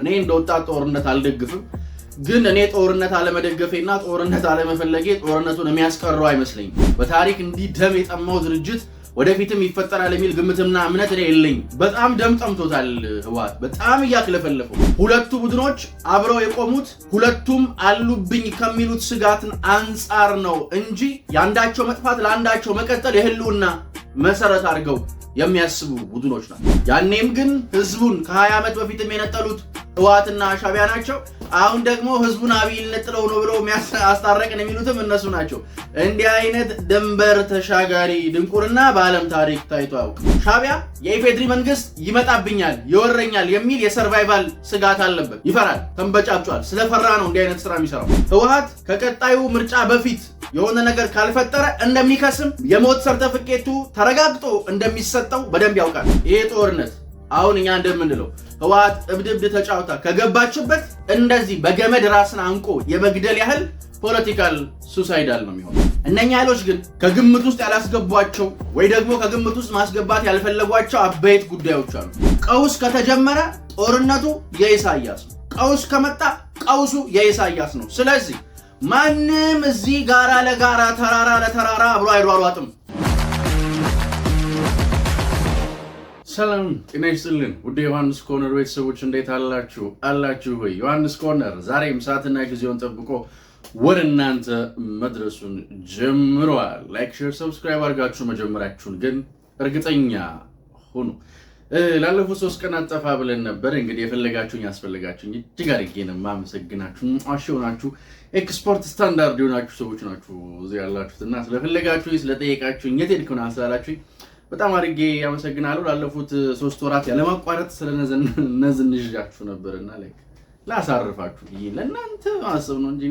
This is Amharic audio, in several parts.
እኔ እንደ ወጣት ጦርነት አልደግፍም፣ ግን እኔ ጦርነት አለመደገፌና ጦርነት አለመፈለጌ ጦርነቱን የሚያስቀረው አይመስለኝም። በታሪክ እንዲህ ደም የጠማው ድርጅት ወደፊትም ይፈጠራል የሚል ግምትና እምነት እኔ የለኝ። በጣም ደም ጠምቶታል ህወሓት፣ በጣም እያክለፈለፈው። ሁለቱ ቡድኖች አብረው የቆሙት ሁለቱም አሉብኝ ከሚሉት ስጋትን አንጻር ነው እንጂ የአንዳቸው መጥፋት ለአንዳቸው መቀጠል የህልውና መሰረት አድርገው የሚያስቡ ቡድኖች ናቸው። ያኔም ግን ህዝቡን ከ20 ዓመት በፊትም የነጠሉት ህወሓትና ሻቢያ ናቸው። አሁን ደግሞ ህዝቡን አብይ ልነጥለው ነው ብለው አስታረቅን የሚሉትም እነሱ ናቸው። እንዲህ አይነት ድንበር ተሻጋሪ ድንቁርና በዓለም ታሪክ ታይቶ አያውቅም። ሻቢያ የኢፌድሪ መንግስት ይመጣብኛል፣ ይወረኛል የሚል የሰርቫይቫል ስጋት አለበት። ይፈራል፣ ተንበጫብጫል። ስለፈራ ነው እንዲህ አይነት ስራ የሚሰራው። ህወሓት ከቀጣዩ ምርጫ በፊት የሆነ ነገር ካልፈጠረ እንደሚከስም የሞት ሰርተፍኬቱ ተረጋግጦ እንደሚሰጠው በደንብ ያውቃል። ይሄ ጦርነት አሁን እኛ እንደምንለው ህወሓት እብድብድ ተጫውታ ከገባችበት እንደዚህ በገመድ ራስን አንቆ የመግደል ያህል ፖለቲካል ሱሳይዳል ነው የሚሆነው። እነኛ ኃይሎች ግን ከግምት ውስጥ ያላስገቧቸው ወይ ደግሞ ከግምት ውስጥ ማስገባት ያልፈለጓቸው አበይት ጉዳዮች አሉ። ቀውስ ከተጀመረ ጦርነቱ የኢሳያስ ነው። ቀውስ ከመጣ ቀውሱ የኢሳያስ ነው። ስለዚህ ማንም እዚህ ጋራ ለጋራ ተራራ ለተራራ ብሎ አይሯሯጥም። ሰላም ጤና ይስጥልን ውድ ዮሐንስ ኮርነር ቤተሰቦች እንዴት አላችሁ? አላችሁ ወይ? ዮሐንስ ኮርነር ዛሬም ሰዓትና ጊዜውን ጠብቆ ወደ እናንተ መድረሱን ጀምረዋል። ላይክ፣ ሼር፣ ሰብስክራይብ አድርጋችሁ መጀመሪያችሁን ግን እርግጠኛ ሁኑ። ላለፉት ሶስት ቀን አጠፋ ብለን ነበር። እንግዲህ የፈለጋችሁኝ ያስፈለጋችሁኝ እጅግ አድርጌ ነው የማመሰግናችሁ። ሽ ሆናችሁ ኤክስፖርት ስታንዳርድ የሆናችሁ ሰዎች ናችሁ እዚ ያላችሁት እና ስለፈለጋችሁ ስለጠየቃችሁኝ የት ሄድክ ምናምን ስላላችሁኝ በጣም አድርጌ ያመሰግናለሁ። ላለፉት ሶስት ወራት ያለማቋረጥ ስለነዝንዣችሁ ነበርና ላሳርፋችሁ ብዬ ለእናንተ ማሰብ ነው እንጂ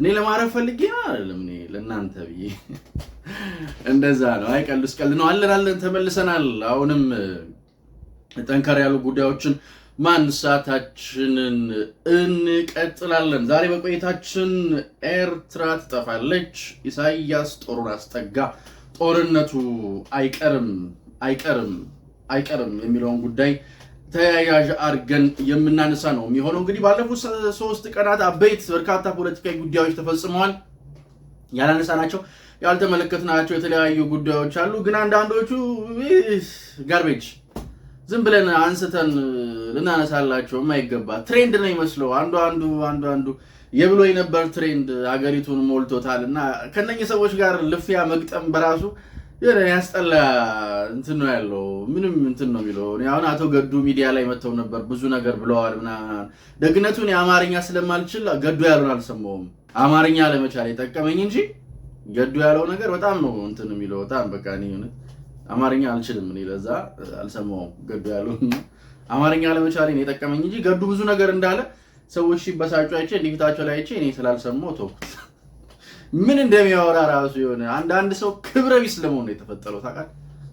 እኔ ለማረፍ ፈልጌ ነው አይደለም። እኔ ለእናንተ ብዬ እንደዛ ነው። አይ ቀልድ ነው። አለን አለን ተመልሰናል። አሁንም ጠንከር ያሉ ጉዳዮችን ማንሳታችንን እንቀጥላለን። ዛሬ በቆይታችን ኤርትራ ትጠፋለች፣ ኢሳያስ ጦሩን አስጠጋ፣ ጦርነቱ አይቀርም አይቀርም አይቀርም የሚለውን ጉዳይ ተያያዥ አድርገን የምናነሳ ነው የሚሆነው። እንግዲህ ባለፉት ሶስት ቀናት አበይት በርካታ ፖለቲካዊ ጉዳዮች ተፈጽመዋል። ያልተመለከት ያልተመለከትናቸው የተለያዩ ጉዳዮች አሉ። ግን አንዳንዶቹ ጋርቤጅ ዝም ብለን አንስተን ልናነሳላቸውም አይገባ። ትሬንድ ነው ይመስለው አንዱ አንዱ አንዱ አንዱ የብሎ የነበር ትሬንድ አገሪቱን ሞልቶታል። እና ከነኝ ሰዎች ጋር ልፍያ መግጠም በራሱ የሆነ ያስጠላ እንትን ነው ያለው። ምንም እንትን ነው የሚለው። አሁን አቶ ገዱ ሚዲያ ላይ መጥተው ነበር ብዙ ነገር ብለዋል ምናምን። ደግነቱን የአማርኛ ስለማልችል ገዱ ያሉን አልሰማውም። አማርኛ ለመቻል የጠቀመኝ እንጂ ገዱ ያለው ነገር በጣም ነው እንትን የሚለው። በጣም በቃ እኔ አማርኛ አልችልም እኔ ለዛ አልሰማውም። ገዱ ያሉ አማርኛ አለመቻሌ ነው የጠቀመኝ እንጂ ገዱ ብዙ ነገር እንዳለ ሰዎች ሲበሳጩ አይቼ እንዲፊታቸው ላይ አይቼ እኔ ስላልሰማው ተውኩት። ምን እንደሚያወራ ራሱ የሆነ አንዳንድ ሰው ክብረ ቢስ ለመሆን ነው የተፈጠረው ታውቃለህ።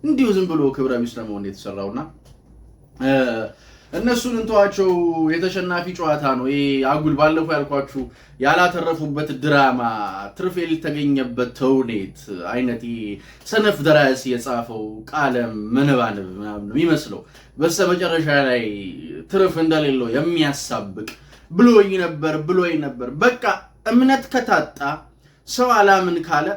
እንዲሁ ዝም ብሎ ክብረ ቢስ ለመሆን ነው የተሰራውና እነሱን እንተዋቸው። የተሸናፊ ጨዋታ ነው ይሄ አጉል። ባለፈው ያልኳችሁ ያላተረፉበት ድራማ ትርፍ የተገኘበት ተውኔት አይነት ሰነፍ ደራሲ የጻፈው ቃለ መነባንብ ምናምን የሚመስለው በስተ መጨረሻ ላይ ትርፍ እንደሌለው የሚያሳብቅ ብሎኝ ነበር ብሎኝ ነበር። በቃ እምነት ከታጣ ሰው አላምን ካለ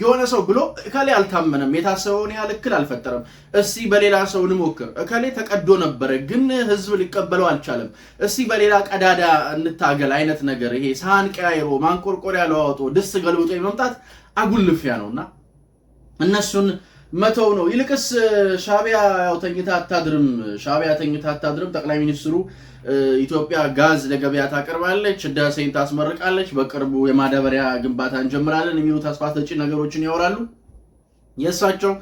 የሆነ ሰው ብሎ እከሌ አልታመነም፣ የታሰበውን ያህል እክል አልፈጠረም፣ እስቲ በሌላ ሰው እንሞክር፣ እከሌ ተቀዶ ነበረ ግን ህዝብ ሊቀበለው አልቻለም፣ እስቲ በሌላ ቀዳዳ እንታገል አይነት ነገር ይሄ ሳህን ቀያይሮ ማንቆርቆሪያ ለዋውጦ ድስት ገልብጦ የመምጣት አጉልፊያ ነውና እነሱን መተው ነው። ይልቅስ ሻቢያ ያው ተኝታ አታድርም፣ ሻቢያ ተኝታ አታድርም። ጠቅላይ ሚኒስትሩ ኢትዮጵያ ጋዝ ለገበያ ታቀርባለች፣ ህዳሴን ታስመርቃለች፣ በቅርቡ የማዳበሪያ ግንባታ እንጀምራለን የሚሉ ተስፋ ሰጪ ነገሮችን ያወራሉ። የእሳቸው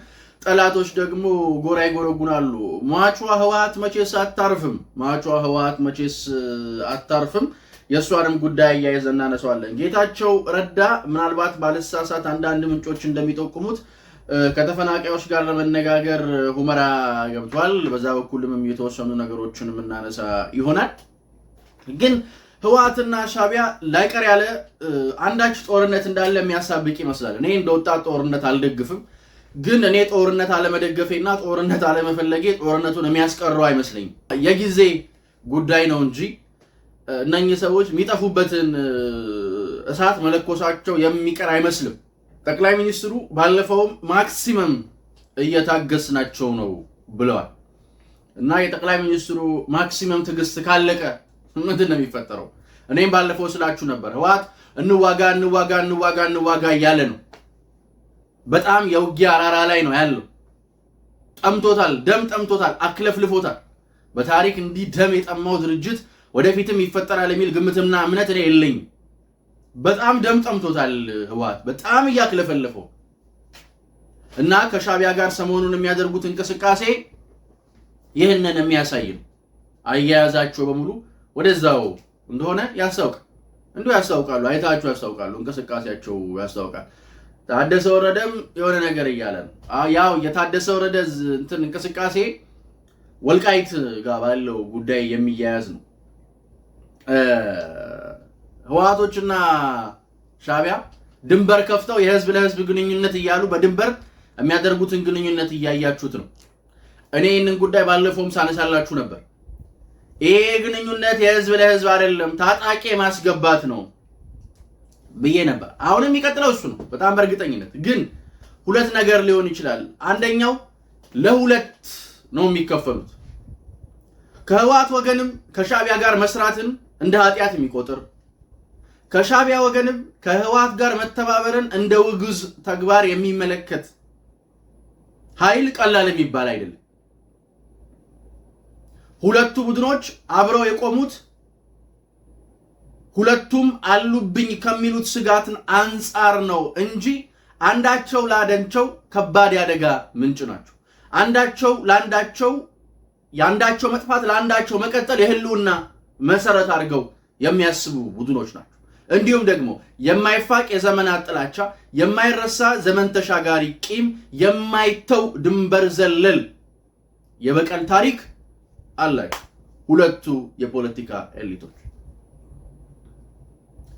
ጠላቶች ደግሞ ጎራ ይጎረጉናሉ። ሟቿ ህወሓት መቼስ አታርፍም፣ ሟቿ ህወሓት መቼስ አታርፍም። የእሷንም ጉዳይ እያይዘ እናነሳዋለን። ጌታቸው ረዳ ምናልባት ባለሳሳት አንዳንድ ምንጮች እንደሚጠቁሙት ከተፈናቃዮች ጋር ለመነጋገር ሁመራ ገብቷል። በዛ በኩልም የተወሰኑ ነገሮችን የምናነሳ ይሆናል። ግን ህወሓትና ሻቢያ ላይቀር ያለ አንዳች ጦርነት እንዳለ የሚያሳብቅ ይመስላል። እኔ እንደ ወጣት ጦርነት አልደግፍም። ግን እኔ ጦርነት አለመደገፌና ጦርነት አለመፈለጌ ጦርነቱን የሚያስቀረው አይመስለኝም። የጊዜ ጉዳይ ነው እንጂ እነኚህ ሰዎች የሚጠፉበትን እሳት መለኮሳቸው የሚቀር አይመስልም። ጠቅላይ ሚኒስትሩ ባለፈውም ማክሲመም እየታገስናቸው ነው ብለዋል እና የጠቅላይ ሚኒስትሩ ማክሲመም ትዕግስት ካለቀ ምንድን ነው የሚፈጠረው? እኔም ባለፈው ስላችሁ ነበር። ህወሓት እንዋጋ እንዋጋ እንዋጋ እንዋጋ እያለ ነው። በጣም የውጊያ አራራ ላይ ነው ያለው። ጠምቶታል፣ ደም ጠምቶታል፣ አክለፍልፎታል። በታሪክ እንዲህ ደም የጠማው ድርጅት ወደፊትም ይፈጠራል የሚል ግምትና እምነት እኔ የለኝም። በጣም ደም ጠምቶታል ህወሓት በጣም እያክለፈለፈው እና ከሻቢያ ጋር ሰሞኑን የሚያደርጉት እንቅስቃሴ ይህንን የሚያሳይ ነው። አያያዛቸው በሙሉ ወደዛው እንደሆነ ያስታውቅ እንዲሁ ያስታውቃሉ፣ አይታቸው ያስታውቃሉ፣ እንቅስቃሴያቸው ያስታውቃል። ታደሰ ወረደም የሆነ ነገር እያለ ነው። ያው የታደሰ ወረደ እንትን እንቅስቃሴ ወልቃይት ጋር ባለው ጉዳይ የሚያያዝ ነው። ህወሓቶችና ሻቢያ ድንበር ከፍተው የህዝብ ለህዝብ ግንኙነት እያሉ በድንበር የሚያደርጉትን ግንኙነት እያያችሁት ነው። እኔ ይህንን ጉዳይ ባለፈውም ሳነሳላችሁ ነበር። ይሄ ግንኙነት የህዝብ ለህዝብ አይደለም፣ ታጣቂ ማስገባት ነው ብዬ ነበር። አሁን የሚቀጥለው እሱ ነው በጣም በእርግጠኝነት። ግን ሁለት ነገር ሊሆን ይችላል። አንደኛው ለሁለት ነው የሚከፈሉት። ከህወሓት ወገንም ከሻቢያ ጋር መስራትን እንደ ኃጢአት የሚቆጥር ከሻቢያ ወገንም ከህወሓት ጋር መተባበርን እንደ ውግዝ ተግባር የሚመለከት ኃይል ቀላል የሚባል አይደለም። ሁለቱ ቡድኖች አብረው የቆሙት ሁለቱም አሉብኝ ከሚሉት ስጋትን አንጻር ነው እንጂ አንዳቸው ላደንቸው ከባድ ያደጋ ምንጭ ናቸው። አንዳቸው ለአንዳቸው የአንዳቸው መጥፋት ለአንዳቸው መቀጠል የህልውና መሰረት አድርገው የሚያስቡ ቡድኖች ናቸው። እንዲሁም ደግሞ የማይፋቅ የዘመናት ጥላቻ፣ የማይረሳ ዘመን ተሻጋሪ ቂም፣ የማይተው ድንበር ዘለል የበቀል ታሪክ አላቸው ሁለቱ የፖለቲካ ኤሊቶች።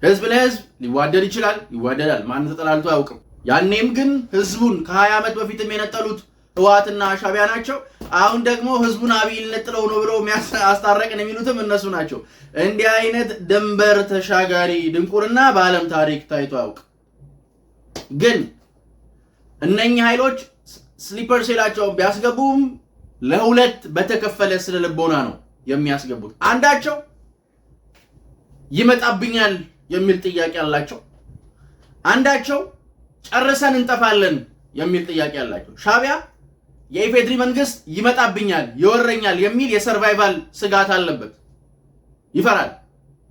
ህዝብ ለህዝብ ሊዋደድ ይችላል፣ ይዋደዳል። ማን ተጠላልቶ አያውቅም። ያኔም ግን ህዝቡን ከ20 ዓመት በፊትም የነጠሉት ህወሓትና ሻቢያ ናቸው። አሁን ደግሞ ህዝቡን አብይ ነጥለው ነው ብለው አስታረቅን የሚሉትም እነሱ ናቸው። እንዲህ አይነት ድንበር ተሻጋሪ ድንቁርና በዓለም ታሪክ ታይቶ አያውቅ። ግን እነኚህ ኃይሎች ስሊፐር ሴላቸውን ቢያስገቡም ለሁለት በተከፈለ ስነ ልቦና ነው የሚያስገቡት። አንዳቸው ይመጣብኛል የሚል ጥያቄ አላቸው። አንዳቸው ጨርሰን እንጠፋለን የሚል ጥያቄ አላቸው። ሻቢያ የኢፌድሪ መንግስት ይመጣብኛል፣ ይወረኛል የሚል የሰርቫይቫል ስጋት አለበት። ይፈራል፣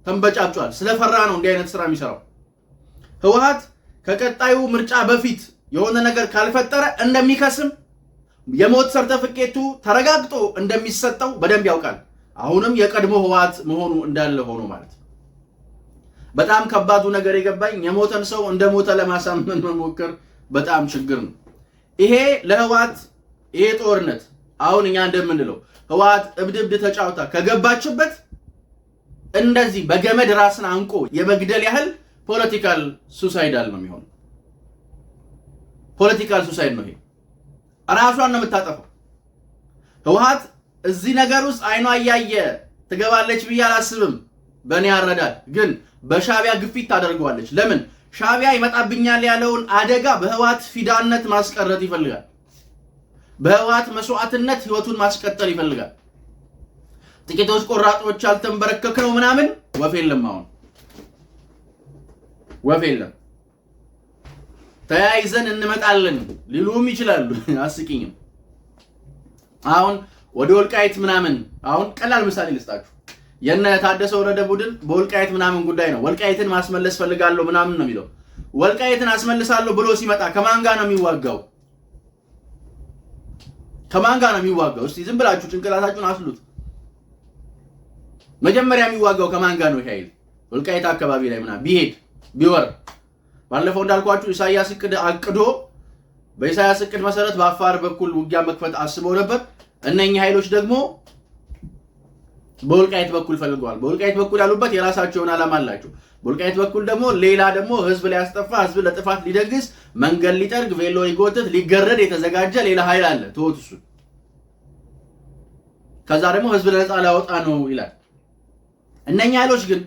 ተንበጫጫል። ስለፈራ ነው እንዲህ አይነት ስራ የሚሰራው። ህወሓት ከቀጣዩ ምርጫ በፊት የሆነ ነገር ካልፈጠረ እንደሚከስም የሞት ሰርተፍኬቱ ተረጋግጦ እንደሚሰጠው በደንብ ያውቃል። አሁንም የቀድሞ ህወሓት መሆኑ እንዳለ ሆኖ ማለት በጣም ከባዱ ነገር የገባኝ የሞተን ሰው እንደ ሞተ ለማሳመን መሞከር በጣም ችግር ነው። ይሄ ለህወሓት ይሄ ጦርነት አሁን እኛ እንደምንለው ህወሓት እብድ ተጫውታ ከገባችበት እንደዚህ በገመድ ራስን አንቆ የመግደል ያህል ፖለቲካል ሱሳይዳል ነው የሚሆነው። ፖለቲካል ሱሳይድ ነው ይሄ። ራሷን ነው የምታጠፋው። ህወሓት እዚህ ነገር ውስጥ አይኗ እያየ ትገባለች ብዬ አላስብም። በእኔ ያረዳል ግን በሻቢያ ግፊት ታደርገዋለች። ለምን ሻቢያ ይመጣብኛል ያለውን አደጋ በህወሓት ፊዳነት ማስቀረት ይፈልጋል። በህወሓት መስዋዕትነት ህይወቱን ማስቀጠል ይፈልጋል። ጥቂቶች ቆራጦች ያልተንበረከክ ነው ምናምን ወፍ የለም። አሁን ወፍ የለም። ተያይዘን እንመጣለን ሊሉም ይችላሉ። አስቂኝም አሁን ወደ ወልቃይት ምናምን አሁን ቀላል ምሳሌ ልስጣችሁ። የነ ታደሰ ወረደ ቡድን በወልቃይት ምናምን ጉዳይ ነው። ወልቃይትን ማስመለስ ፈልጋለሁ ምናምን ነው የሚለው። ወልቃይትን አስመልሳለሁ ብሎ ሲመጣ ከማን ጋር ነው የሚዋጋው? ከማን ጋር ነው የሚዋጋው? እስቲ ዝም ብላችሁ ጭንቅላታችሁን አስሉት። መጀመሪያ የሚዋጋው ከማን ጋር ነው? ኃይል ወልቃይት አካባቢ ላይ ምናምን ቢሄድ ቢወር ባለፈው እንዳልኳችሁ ኢሳያስ እቅድ አቅዶ በኢሳያስ እቅድ መሰረት በአፋር በኩል ውጊያ መክፈት አስበው ነበር። እነኚህ ኃይሎች ደግሞ በወልቃይት በኩል ፈልገዋል። በወልቃይት በኩል ያሉበት የራሳቸውን ዓላማ አላቸው። በወልቃይት በኩል ደግሞ ሌላ ደግሞ ህዝብ ሊያስጠፋ፣ ህዝብ ለጥፋት ሊደግስ፣ መንገድ ሊጠርግ፣ ቬሎ ሊጎትት፣ ሊገረድ የተዘጋጀ ሌላ ኃይል አለ። ተወት እሱን። ከዛ ደግሞ ህዝብ ለነፃ ሊያወጣ ነው ይላል። እነኛ ኃይሎች ግን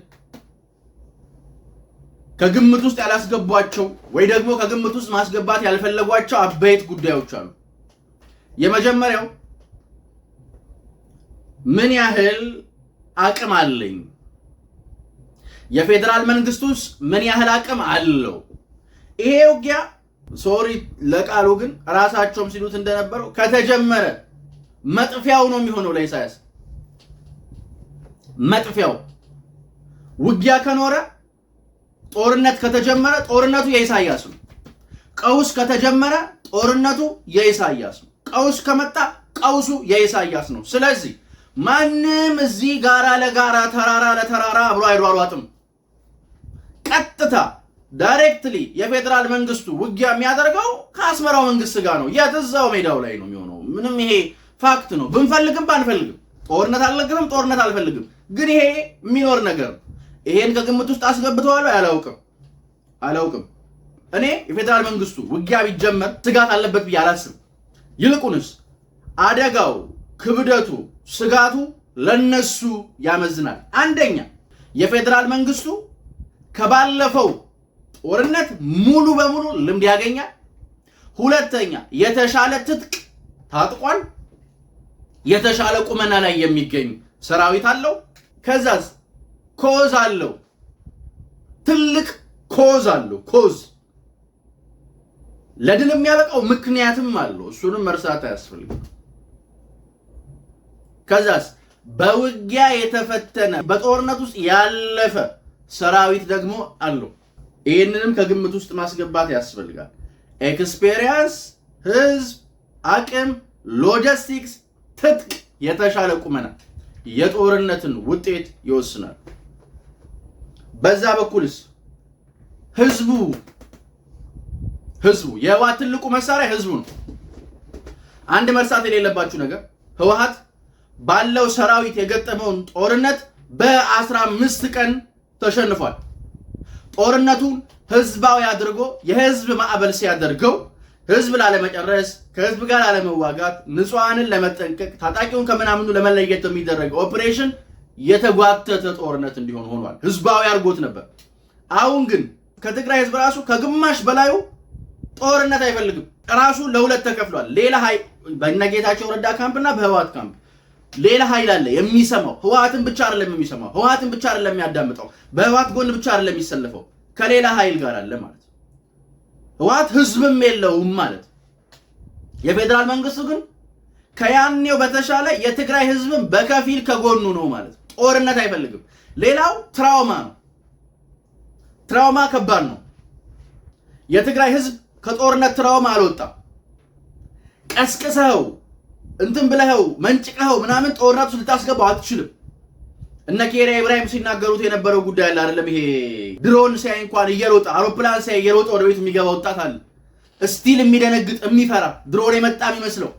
ከግምት ውስጥ ያላስገቧቸው ወይ ደግሞ ከግምት ውስጥ ማስገባት ያልፈለጓቸው አበይት ጉዳዮች አሉ። የመጀመሪያው ምን ያህል አቅም አለኝ? የፌዴራል መንግስቱስ ምን ያህል አቅም አለው? ይሄ ውጊያ ሶሪ ለቃሉ ግን ራሳቸውም ሲሉት እንደነበረው ከተጀመረ መጥፊያው ነው የሚሆነው ለኢሳያስ መጥፊያው። ውጊያ ከኖረ ጦርነት ከተጀመረ ጦርነቱ የኢሳያስ ነው። ቀውስ ከተጀመረ ጦርነቱ የኢሳያስ ነው። ቀውስ ከመጣ ቀውሱ የኢሳያስ ነው። ስለዚህ ማንም እዚህ ጋራ ለጋራ ተራራ ለተራራ አብሮ አይሯሯጥም። ቀጥታ ዳይሬክትሊ የፌዴራል መንግስቱ ውጊያ የሚያደርገው ከአስመራው መንግስት ጋር ነው። የት እዛው ሜዳው ላይ ነው የሚሆነው። ምንም ይሄ ፋክት ነው። ብንፈልግም ባንፈልግም ጦርነት አልለግንም፣ ጦርነት አልፈልግም። ግን ይሄ የሚኖር ነገር ነው። ይሄን ከግምት ውስጥ አስገብተዋል። አላውቅም አላውቅም። እኔ የፌዴራል መንግስቱ ውጊያ ቢጀመር ስጋት አለበት ብዬ አላስብም። ይልቁንስ አደጋው ክብደቱ ስጋቱ ለነሱ ያመዝናል። አንደኛ የፌዴራል መንግስቱ ከባለፈው ጦርነት ሙሉ በሙሉ ልምድ ያገኛል። ሁለተኛ የተሻለ ትጥቅ ታጥቋል። የተሻለ ቁመና ላይ የሚገኝ ሰራዊት አለው። ከዛስ ኮዝ አለው። ትልቅ ኮዝ አለው። ኮዝ ለድል የሚያበቃው ምክንያትም አለው። እሱንም መርሳት አያስፈልግም። ከዛስ በውጊያ የተፈተነ በጦርነት ውስጥ ያለፈ ሰራዊት ደግሞ አለው። ይህንንም ከግምት ውስጥ ማስገባት ያስፈልጋል። ኤክስፔሪየንስ፣ ህዝብ፣ አቅም፣ ሎጂስቲክስ፣ ትጥቅ፣ የተሻለ ቁመና የጦርነትን ውጤት ይወስናል። በዛ በኩልስ ህዝቡ ህዝቡ የህወሓት ትልቁ መሳሪያ ህዝቡ ነው። አንድ መርሳት የሌለባችሁ ነገር ህወሓት ባለው ሰራዊት የገጠመውን ጦርነት በአስራ አምስት ቀን ተሸንፏል። ጦርነቱን ህዝባዊ አድርጎ የህዝብ ማዕበል ሲያደርገው ህዝብ ላለመጨረስ፣ ከህዝብ ጋር ላለመዋጋት፣ ንጹሐንን ለመጠንቀቅ፣ ታጣቂውን ከምናምኑ ለመለየት የሚደረገው ኦፕሬሽን የተጓተተ ጦርነት እንዲሆን ሆኗል። ህዝባዊ አድርጎት ነበር። አሁን ግን ከትግራይ ህዝብ ራሱ ከግማሽ በላዩ ጦርነት አይፈልግም። ራሱ ለሁለት ተከፍሏል። ሌላ ሀይ በነጌታቸው ረዳ ካምፕና በህወሓት ካምፕ ሌላ ኃይል አለ የሚሰማው። ህወሓትን ብቻ አይደለም የሚሰማው፣ ህወሓትን ብቻ አይደለም የሚያዳምጠው፣ በህወሓት ጎን ብቻ አይደለም የሚሰለፈው፣ ከሌላ ኃይል ጋር አለ ማለት። ህወሓት ህዝብም የለውም ማለት። የፌዴራል መንግስቱ ግን ከያኔው በተሻለ የትግራይ ህዝብም በከፊል ከጎኑ ነው ማለት። ጦርነት አይፈልግም። ሌላው ትራውማ ነው። ትራውማ ከባድ ነው። የትግራይ ህዝብ ከጦርነት ትራውማ አልወጣም። ቀስቅሰው እንትን ብለኸው መንጭቀኸው ምናምን ጦርነት ውስጥ ልታስገባው አትችልም። እነ ኬሪያ ኢብራሂም ሲናገሩት የነበረው ጉዳይ አለ አይደለም? ይሄ ድሮን ሲያይ እንኳን እየሮጠ አውሮፕላን ሲያይ እየሮጠ ወደ ቤት የሚገባ ወጣት አለ። እስቲል የሚደነግጥ የሚፈራ ድሮን የመጣ የሚመስለው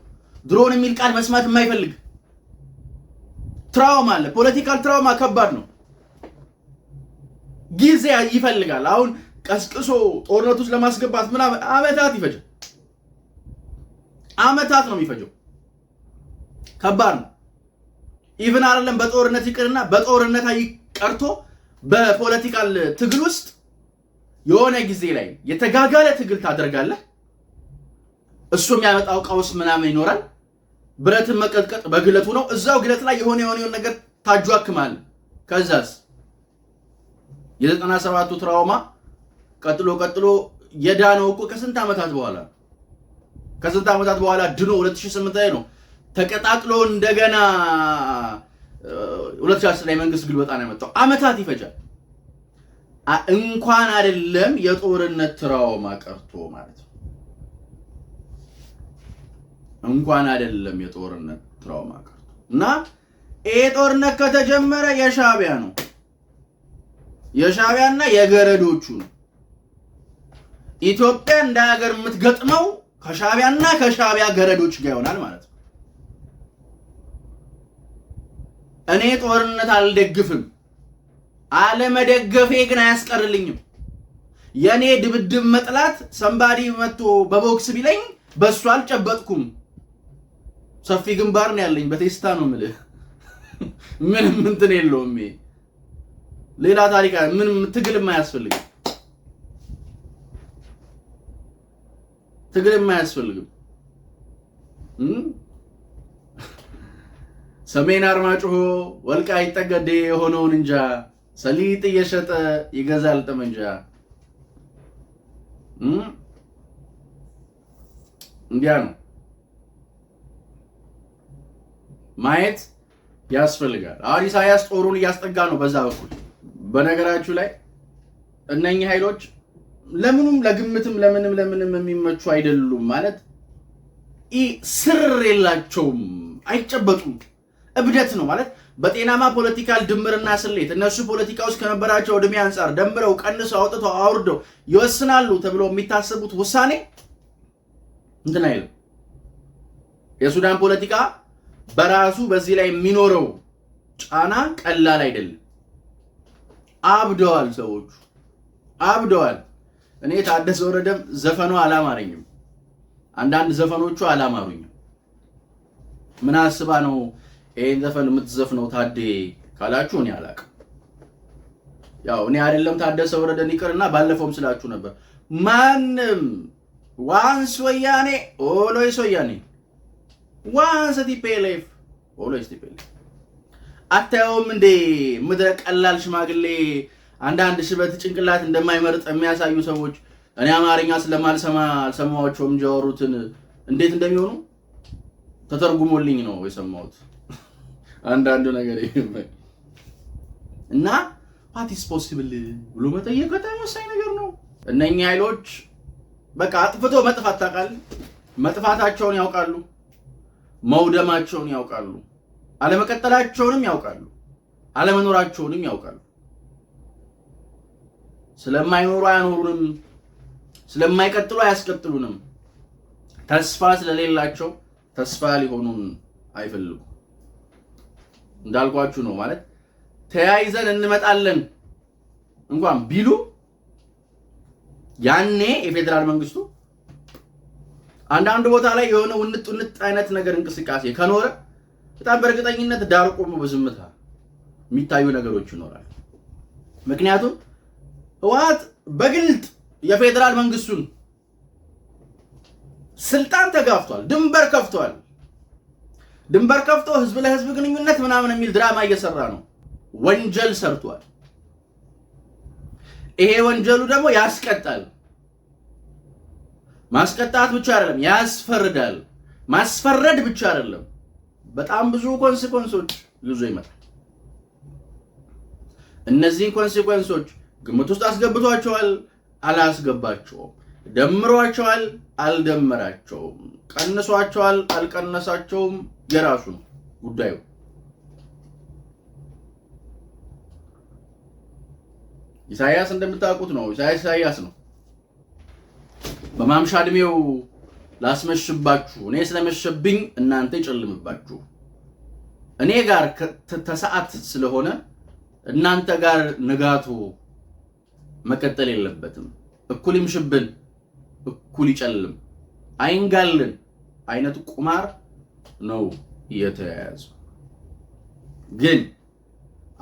ድሮን የሚል ቃል መስማት የማይፈልግ ትራውማ አለ። ፖለቲካል ትራውማ ከባድ ነው፣ ጊዜ ይፈልጋል። አሁን ቀስቅሶ ጦርነት ውስጥ ለማስገባት ምናምን አመታት ይፈጃል። አመታት ነው የሚፈጀው። ከባድ ነው። ኢቭን አይደለም በጦርነት ይቅርና በጦርነት ይቀርቶ በፖለቲካል ትግል ውስጥ የሆነ ጊዜ ላይ የተጋጋለ ትግል ታደርጋለህ። እሱ የሚያመጣው ቀውስ ምናምን ይኖራል። ብረትን መቀጥቀጥ በግለቱ ነው። እዛው ግለት ላይ የሆነ የሆነ ነገር ታጇክማል። ከዛስ የዘጠና ሰባቱ ትራውማ ቀጥሎ ቀጥሎ የዳነው እኮ ከስንት ዓመታት በኋላ ከስንት ዓመታት በኋላ ድኖ 2008 ላይ ነው ተቀጣጥሎ እንደገና 2010 ላይ መንግስት ግልበጣ ነው የመጣው። አመታት ይፈጃል። እንኳን አይደለም የጦርነት ትራውማ ቀርቶ ማለት ነው። እንኳን አይደለም የጦርነት ትራውማ ቀርቶ እና ይሄ ጦርነት ከተጀመረ የሻቢያ ነው የሻቢያና የገረዶቹ ነው። ኢትዮጵያ እንደ ሀገር የምትገጥመው ከሻቢያና ከሻቢያ ገረዶች ጋር ይሆናል ማለት ነው። እኔ ጦርነት አልደግፍም። አለመደገፌ ግን አያስቀርልኝም። የእኔ ድብድብ መጥላት ሰንባዲ መጥቶ በቦክስ ቢለኝ በእሱ አልጨበጥኩም። ሰፊ ግንባር ነው ያለኝ፣ በቴስታ ነው ምልህ። ምንም እንትን የለውም። ሌላ ታሪክ ምንም ትግልም አያስፈልግም። ትግልም አያስፈልግም። ሰሜን አርማጭሆ ወልቃይት ጠገዴ የሆነውን እንጃ ሰሊጥ እየሸጠ ይገዛል ጠመንጃ። እንዲያ ነው ማየት ያስፈልጋል። አሁን ኢሳያስ ጦሩን እያስጠጋ ነው በዛ በኩል። በነገራችሁ ላይ እነኚህ ኃይሎች ለምኑም ለግምትም ለምንም ለምንም የሚመቹ አይደሉም ማለት ስር የላቸውም፣ አይጨበጡም። እብደት ነው ማለት በጤናማ ፖለቲካል ድምርና ስሌት እነሱ ፖለቲካ ውስጥ ከነበራቸው እድሜ አንጻር ደምረው ቀንሰው አውጥተው አውርደው ይወስናሉ ተብለው የሚታሰቡት ውሳኔ እንትን አይሉ። የሱዳን ፖለቲካ በራሱ በዚህ ላይ የሚኖረው ጫና ቀላል አይደለም። አብደዋል፣ ሰዎቹ አብደዋል። እኔ ታደሰ ወረደም ዘፈኑ አላማረኝም፣ አንዳንድ ዘፈኖቹ አላማሩኝም። ምን አስባ ነው ይሄን ዘፈን የምትዘፍነው ታዴ ካላችሁ እኔ አላቅም። ያው እኔ አይደለም ታደሰ ወረደን ይቅርና ባለፈውም ስላችሁ ነበር። ማንም ዋንስ ወያኔ ኦሎይስ ወያኔ ዋንስ ቲፔሌፍ ኦሎይስ ቲፔሌፍ አታየውም እንዴ ምድረ ቀላል ሽማግሌ አንዳንድ ሽበት ጭንቅላት እንደማይመርጥ የሚያሳዩ ሰዎች እኔ አማርኛ ስለማልሰማ አልሰማዎቸውም እንጂ ያወሩትን እንዴት እንደሚሆኑ ተተርጉሞልኝ ነው የሰማሁት። አንዳንዱ ነገር እና ዋትስ ፖሲብል ብሎ መጠየቅ በጣም ወሳኝ ነገር ነው። እነኛ ኃይሎች በቃ አጥፍቶ መጥፋት ታውቃለህ፣ መጥፋታቸውን ያውቃሉ፣ መውደማቸውን ያውቃሉ፣ አለመቀጠላቸውንም ያውቃሉ፣ አለመኖራቸውንም ያውቃሉ። ስለማይኖሩ አያኖሩንም፣ ስለማይቀጥሉ አያስቀጥሉንም። ተስፋ ስለሌላቸው ተስፋ ሊሆኑን አይፈልጉም። እንዳልኳችሁ ነው ማለት ተያይዘን እንመጣለን እንኳን ቢሉ ያኔ የፌዴራል መንግስቱ አንዳንድ ቦታ ላይ የሆነ ውንጥ ውንጥ አይነት ነገር እንቅስቃሴ ከኖረ በጣም በእርግጠኝነት ዳር ቆሞ በዝምታ የሚታዩ ነገሮች ይኖራል። ምክንያቱም ህወሓት በግልጥ የፌዴራል መንግስቱን ስልጣን ተጋፍቷል፣ ድንበር ከፍቷል። ድንበር ከፍቶ ህዝብ ለህዝብ ግንኙነት ምናምን የሚል ድራማ እየሰራ ነው። ወንጀል ሰርቷል። ይሄ ወንጀሉ ደግሞ ያስቀጣል። ማስቀጣት ብቻ አይደለም፣ ያስፈርዳል። ማስፈረድ ብቻ አይደለም፣ በጣም ብዙ ኮንሲኮንሶች ይዞ ይመጣል። እነዚህን ኮንሲኮንሶች ግምት ውስጥ አስገብቷቸዋል፣ አላስገባቸውም፣ ደምሯቸዋል፣ አልደመራቸውም፣ ቀንሷቸዋል፣ አልቀነሳቸውም የራሱ ነው ጉዳዩ። ኢሳያስ እንደምታውቁት ነው። ኢሳያስ ኢሳያስ ነው። በማምሻ እድሜው ላስመሽባችሁ፣ እኔ ስለመሸብኝ እናንተ ይጨልምባችሁ። እኔ ጋር ተሰዓት ስለሆነ እናንተ ጋር ንጋቱ መቀጠል የለበትም። እኩል ይምሽብን፣ እኩል ይጨልም፣ አይንጋልን አይነት ቁማር ነው የተያያዙ። ግን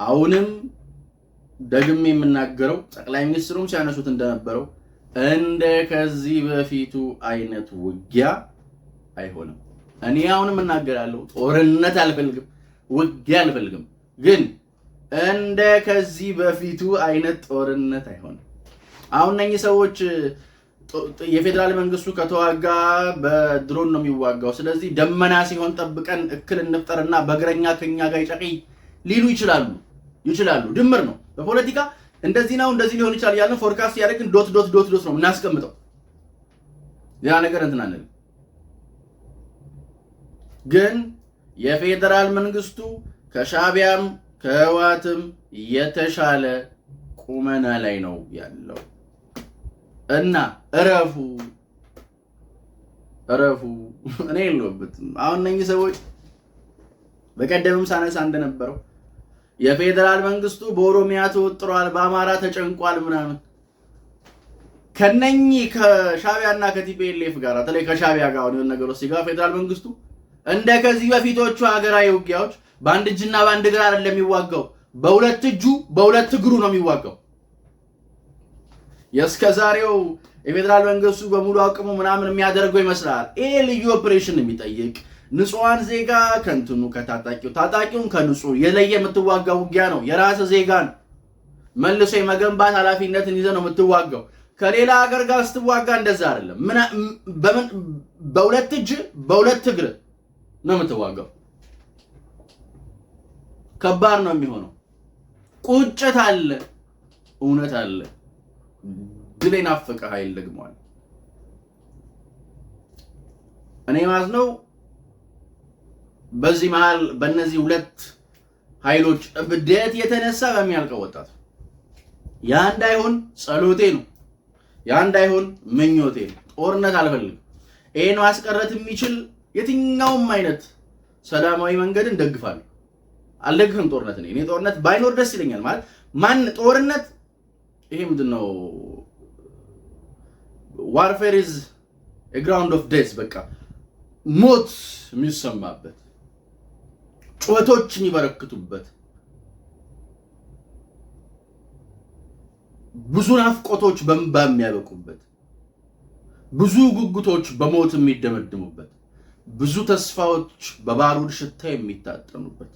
አሁንም ደግም የምናገረው ጠቅላይ ሚኒስትሩም ሲያነሱት እንደነበረው እንደ ከዚህ በፊቱ አይነት ውጊያ አይሆንም። እኔ አሁንም እናገራለሁ፣ ጦርነት አልፈልግም፣ ውጊያ አልፈልግም። ግን እንደ ከዚህ በፊቱ አይነት ጦርነት አይሆንም። አሁን እነኚህ ሰዎች የፌዴራል መንግስቱ ከተዋጋ በድሮን ነው የሚዋጋው። ስለዚህ ደመና ሲሆን ጠብቀን እክል እንፍጠርና በእግረኛ ከኛ ጋር ጨቂ ሊሉ ይችላሉ ይችላሉ። ድምር ነው በፖለቲካ እንደዚህ ነው እንደዚህ ሊሆን ይችላል ያለን ፎርካስት ያደረግን ዶት ዶት ዶት ዶት ነው እናስቀምጠው። ያ ነገር እንትን ግን የፌዴራል መንግስቱ ከሻቢያም ከህዋትም የተሻለ ቁመና ላይ ነው ያለው። እና እረፉ እረፉ። እኔ የለሁበትም። አሁን እነኚህ ሰዎች በቀደምም ሳነሳ እንደነበረው የፌዴራል መንግስቱ በኦሮሚያ ተወጥሯል፣ በአማራ ተጨንቋል ምናምን ከነኚህ ከሻቢያና ከቲፒኤልኤፍ ጋር በተለይ ከሻቢያ ጋር ሆነ ነገሮች ሲጋ ፌዴራል መንግስቱ እንደ ከዚህ በፊቶቹ ሀገራዊ ውጊያዎች በአንድ እጅና በአንድ እግር አይደለም የሚዋጋው፣ በሁለት እጁ በሁለት እግሩ ነው የሚዋጋው። የእስከ ዛሬው የፌዴራል መንግስቱ በሙሉ አቅሙ ምናምን የሚያደርገው ይመስላል። ይሄ ልዩ ኦፕሬሽን የሚጠይቅ ንጹሐን ዜጋ ከንትኑ ከታጣቂው ታጣቂውን ከንጹህ የለየ የምትዋጋው ውጊያ ነው። የራስ ዜጋን መልሶ የመገንባት ኃላፊነትን ይዘ ነው የምትዋጋው። ከሌላ ሀገር ጋር ስትዋጋ እንደዛ አይደለም። በሁለት እጅ በሁለት እግር ነው የምትዋጋው። ከባድ ነው የሚሆነው። ቁጭት አለ፣ እውነት አለ። ድል ናፈቀ ኃይል ደግሟል። እኔ ማዝነው ነው በዚህ መሃል በእነዚህ ሁለት ኃይሎች እብደት የተነሳ በሚያልቀው ወጣት ያ እንዳይሆን ጸሎቴ ነው። ያ እንዳይሆን ምኞቴ ነው። ጦርነት አልፈልግም። ይሄን ማስቀረት የሚችል የትኛውም አይነት ሰላማዊ መንገድን ደግፋለሁ። አልደግፍም ጦርነት። እኔ ጦርነት ባይኖር ደስ ይለኛል። ማለት ማን ጦርነት ይሄ ምንድን ነው? ዋርፌር ኢዝ ግራውንድ ኦፍ ዴስ በቃ ሞት የሚሰማበት ጩኸቶች የሚበረክቱበት ብዙ ናፍቆቶች በእንባ የሚያበቁበት ብዙ ጉጉቶች በሞት የሚደመድሙበት ብዙ ተስፋዎች በባሩድ ሽታ የሚታጠኑበት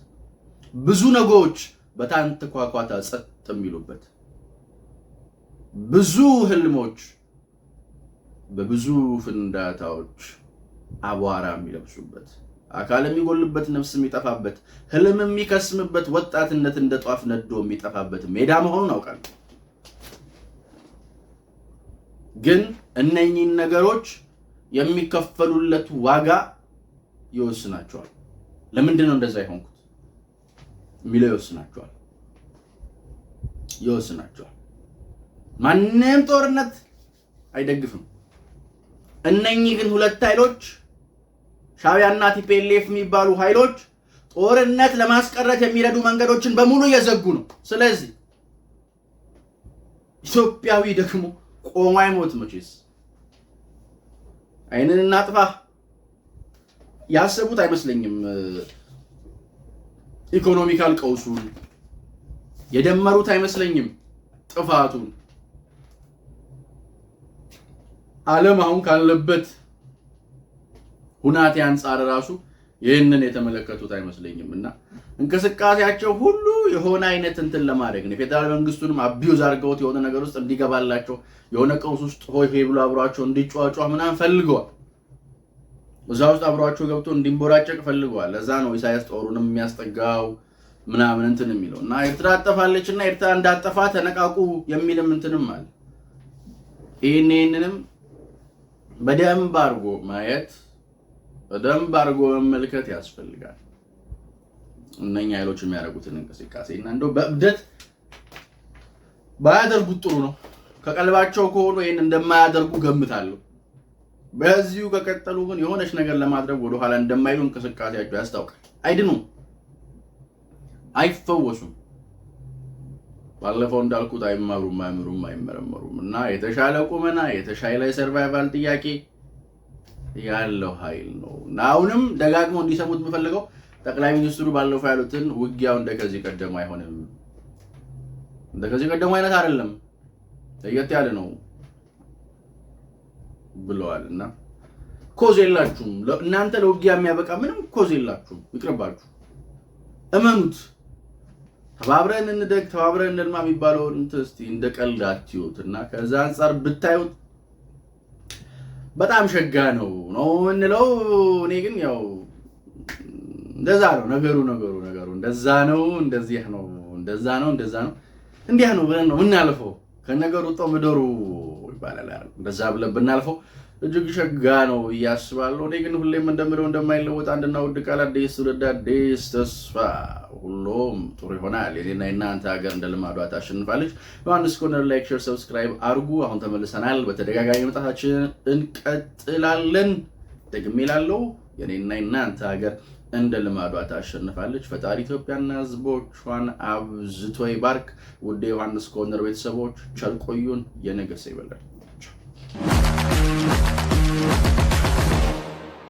ብዙ ነገዎች በታንት ኳኳታ ጸጥ የሚሉበት ብዙ ህልሞች በብዙ ፍንዳታዎች አቧራ የሚለብሱበት አካል የሚጎልበት ነፍስ የሚጠፋበት ህልም የሚከስምበት ወጣትነት እንደ ጧፍ ነዶ የሚጠፋበት ሜዳ መሆኑን አውቃለሁ። ግን እነኚህን ነገሮች የሚከፈሉለት ዋጋ ይወስናቸዋል። ለምንድን ነው እንደዛ የሆንኩት የሚለው ይወስናቸዋል ይወስናቸዋል። ማንም ጦርነት አይደግፍም። እነኚህ ግን ሁለት ኃይሎች ሻቢያና ቲፒኤልኤፍ የሚባሉ ኃይሎች ጦርነት ለማስቀረት የሚረዱ መንገዶችን በሙሉ እየዘጉ ነው። ስለዚህ ኢትዮጵያዊ ደግሞ ቆሞ አይሞት። መቼስ አይንን እናጥፋ ያሰቡት አይመስለኝም። ኢኮኖሚካል ቀውሱን የደመሩት አይመስለኝም ጥፋቱን ዓለም አሁን ካለበት ሁናቴ አንጻር ራሱ ይህንን የተመለከቱት አይመስለኝም። እና እንቅስቃሴያቸው ሁሉ የሆነ አይነት እንትን ለማድረግ ነው። የፌዴራል መንግስቱንም አቢዩዝ አድርገውት የሆነ ነገር ውስጥ እንዲገባላቸው የሆነ ቀውስ ውስጥ ሆይ ሆይ ብሎ አብሯቸው እንዲጫዋጫ ምናምን ፈልገዋል። እዛ ውስጥ አብሯቸው ገብቶ እንዲንቦራጨቅ ፈልገዋል። ለዛ ነው ኢሳያስ ጦሩንም የሚያስጠጋው ምናምን እንትን የሚለው እና ኤርትራ አጠፋለች እና ኤርትራ እንዳጠፋ ተነቃቁ የሚልም እንትንም አለ። ይህን ይህንንም በደንብ አድርጎ ማየት በደንብ አድርጎ መመልከት ያስፈልጋል። እነኛ ኃይሎች የሚያደርጉትን እንቅስቃሴ እና እንደው በእብደት ባያደርጉት ጥሩ ነው። ከቀልባቸው ከሆኑ ይህን እንደማያደርጉ ገምታለሁ። በዚሁ ከቀጠሉ ግን የሆነች ነገር ለማድረግ ወደኋላ እንደማይሉ እንቅስቃሴያቸው ያስታውቃል። አይድኑም፣ አይፈወሱም። ባለፈው እንዳልኩት አይማሩም፣ አይምሩም፣ አይመረመሩም እና የተሻለ ቁመና የተሻለ ሰርቫይቫል ጥያቄ ያለው ኃይል ነው እና አሁንም ደጋግሞ እንዲሰሙት የምፈልገው ጠቅላይ ሚኒስትሩ ባለፈው ያሉትን ውጊያው እንደከዚህ ቀደሙ አይሆንም፣ እንደከዚህ ቀደሙ አይነት አይደለም፣ ለየት ያለ ነው ብለዋል እና ኮዝ የላችሁም እናንተ ለውጊያ የሚያበቃ ምንም ኮዝ የላችሁም፣ ይቅርባችሁ፣ እመኑት። ተባብረን እንደግ ተባብረን እንልማ የሚባለውን እስቲ እንደ ቀልዳችሁት እና ከዛ አንጻር ብታዩት በጣም ሸጋ ነው ነው የምንለው። እኔ ግን ያው እንደዛ ነው ነገሩ ነገሩ ነገሩ እንደዛ ነው እንደዚህ ነው እንደዛ ነው እንደዛ ነው እንዲያ ነው ብለን ነው የምናልፈው ከነገሩ ጦ ምደሩ ይባላል። እንደዛ ብለን ብናልፈው እጅግ ሸጋ ነው ብዬ አስባለሁ። እኔ ግን ሁሌም እንደምለው እንደማይለወጥ አንድና ውድ ቃል አዲስ ትውልድ አዲስ ተስፋ፣ ሁሉም ጥሩ ይሆናል። የኔና የእናንተ ሀገር እንደ ልማዷ ታሸንፋለች። ዮሐንስ ኮርነር ላይክ፣ ሼር፣ ሰብስክራይብ አርጉ። አሁን ተመልሰናል። በተደጋጋሚ መጣታችን እንቀጥላለን። ደግሜ እላለሁ የኔና የእናንተ ሀገር እንደ ልማዷ ታሸንፋለች። ፈጣሪ ኢትዮጵያና ሕዝቦቿን አብዝቶ ይባርክ። ውድ ዮሐንስ ኮርነር ቤተሰቦች ቸር ቆዩን። የነገሰ ይበላል።